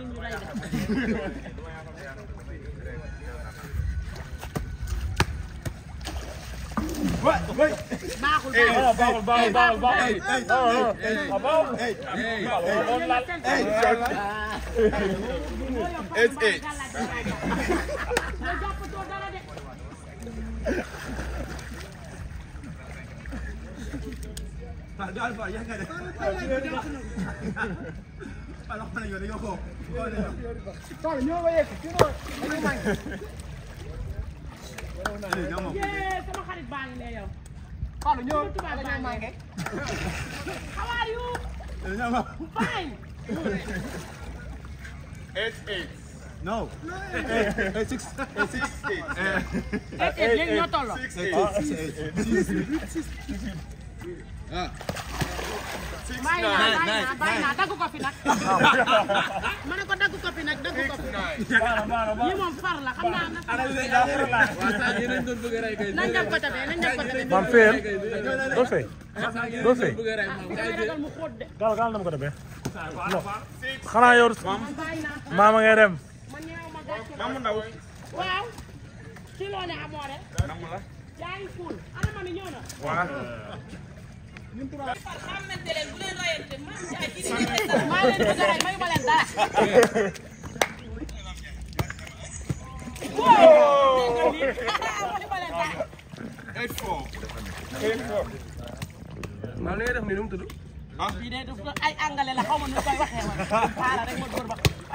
baaxul baaxul baaxul baaxul baaxul baaxul baaxul baaxul Dale, ñoo ma yegg ci noonu. dañu màgg. yee sama xarit baa ngi ne yow. Fallou ñoo dañoo màggee. How are you? Fine. Eight eight. No. Eight six. Eight six eight. Eight eight ñoo tolloo. Six eight. Six eight. bàyyi naa bàyyi naa dagg ko fi nag. ma ne ko dagg ko fi nag dagg ko fi. lii moom far la xam naa na. nañ dem côté bee nañ dem côté bee. maam fee yéen doo fee. doo fee. gaal gaal na mu ko demee. non xanaa yow. maama ngay dem. maamu ndaw. waaw. ci loo ne amoo rek. yaa ngi ful. ana ma ni ñëw na. waaw. xamante leen bu leen royante maam jaay ci di maa leen bëgg a rey mayu ma leen dara maa ngi lay def nii nu mu tudd. ah fii de ay angale la xaw ma nu koy waxee wala. rek ma dóor ba.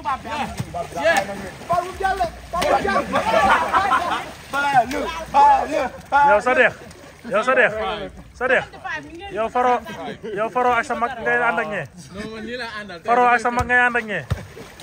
tubaab bi balu jàll balu jàll balu balu yow sa deex yow sa deex sa deex yow faro yow faro ak sa mag ngay ànd ak ñee faro ak sa mag ngay ànd ak ñee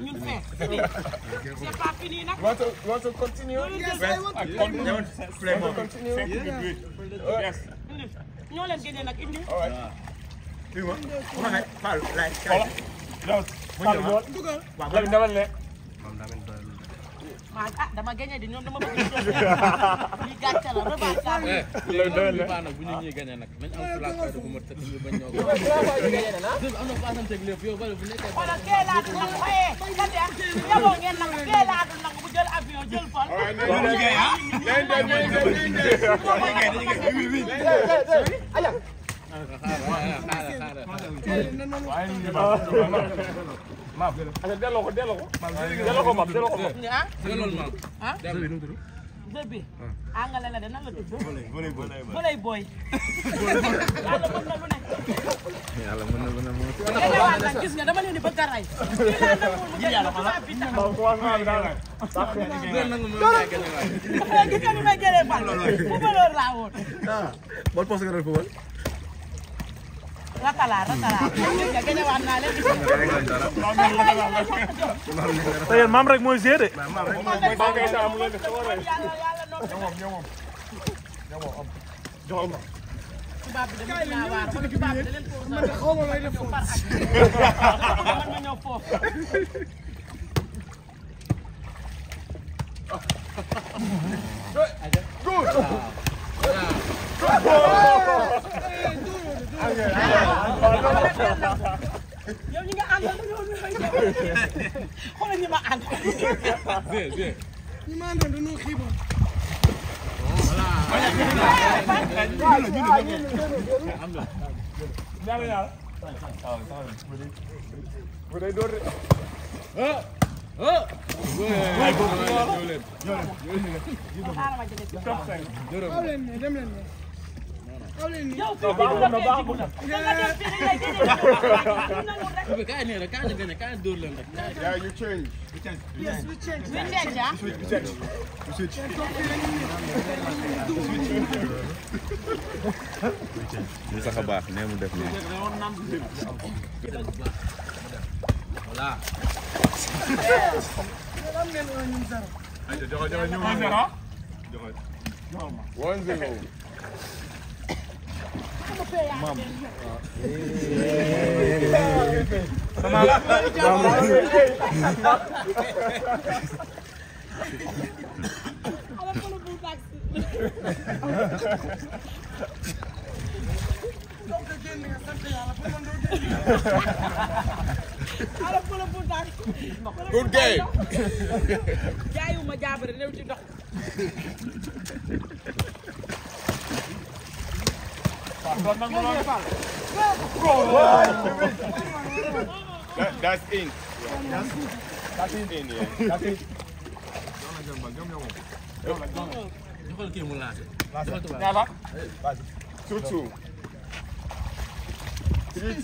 ñun xeex fini c'est pas fini nag. want to want to continue. yes I want to continue. want maa ah dama gagné di ñoom dama bëgg ñu jox lii gàcce la revanche la. loolu lu baax nag bu ñu ñuy gagné nag nañ am eh, place bu mat sëkk ñu bañ ñoo ko. am na passante ak lépp yow wala bu nekkee. xoolal kee laa du nangu xëyee kat ya yaboo ngeen nangu kee laa du nangu bu jël avion jël vol. waaw liggéey ah. liggéey liggéey liggéey maam delloo ko delloo ko. delloo ko maam delloo ko maam. ah. ah? bébé. ah nga la de nan la tudd. voley boy voley boy. yàlla mën na lu ne. yàlla mën na lu ne moom. yéen a gis nga dama leen di bëgg a rey. yéen yàlla ko la. gis nga nu may jëlee bal. footballeur laa woon. ah ban poste nga doon football. rakala rakala. gëjëwaat naa leen. tey maam rek mooy gérer. maam rek mooy gérer. maam rek mooy gérer. ñoom ñoom tubaab bi dama dinaa waar kon tubaab bi da leen foofu sax xaw ma lay def foofu par ak man ma ñëw foofu. Good. Good. yow ñi nga àndal dañoo xoolal ñi ma àndal. ñi ma àndal dañoo xiiboon. voilà. yow fii bi nga doon béy jigéen ña nga def fii nii rek dinañu rek. kaay nee na kaay la gën a kaay dóor leen rek. yaa ngi change. yes we change. we change ah. we change. we change. mu sax a baax nee mu def nii. voilà. joxe joxe ñu. joxe. maam Good game. jaayuma jaabare réew ci ndox that, that's in. Yeah. That's, that's in, yeah. That's in. Two, two. Three, two. Three,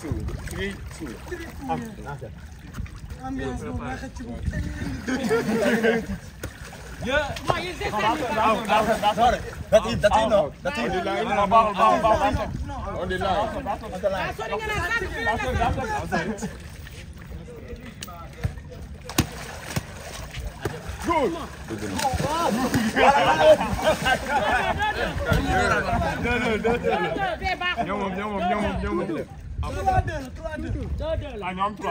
two. Three, two. Three, two. Yeah. That's it. That's it. No. That's it. On the line. On the line. On the line. That's it. Good. No, no, no, no. Ñomom, ñomom, ñomom, ñomom. 3-2, 3-2. 3-2. Ah, ñom 3.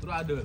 3-2.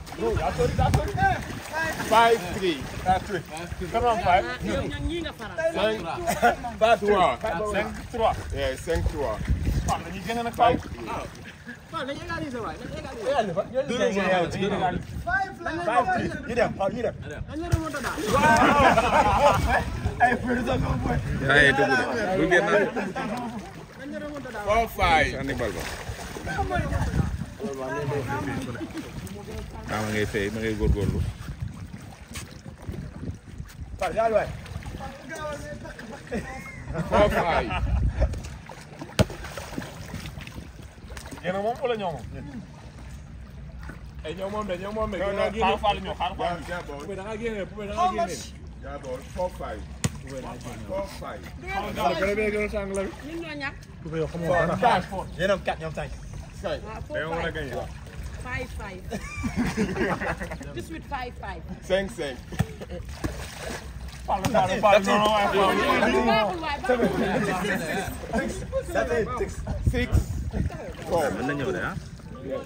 five three. five three. Come on five. cinq trois. cinq trois. oui cinq trois. waaw dañuy génne nag five. waaw dañuy égaliser waay dañuy égaliser. five three ñu dem waaw ñu dem. ay président bi mooy. yaa ngi dugg de. four five. waaw ah, ma ngay fay ma ngay góorgóorlu. foofu ay. yéen a moom wala ñoo moom. ñoo moom de ñoo moom de. da ngaa génne xaar ñoo xaar xaar. da ngaa génne bu da ngaa génne. jaaboo foofu ay. foofu ay. xam nga gën a bee gën a sàng la. ñun ñoo ñàkk. yow xam nga 5. waaw war a gagné. 5 5. 18 5 5. 5 5. Paul Paul Paul non non non non non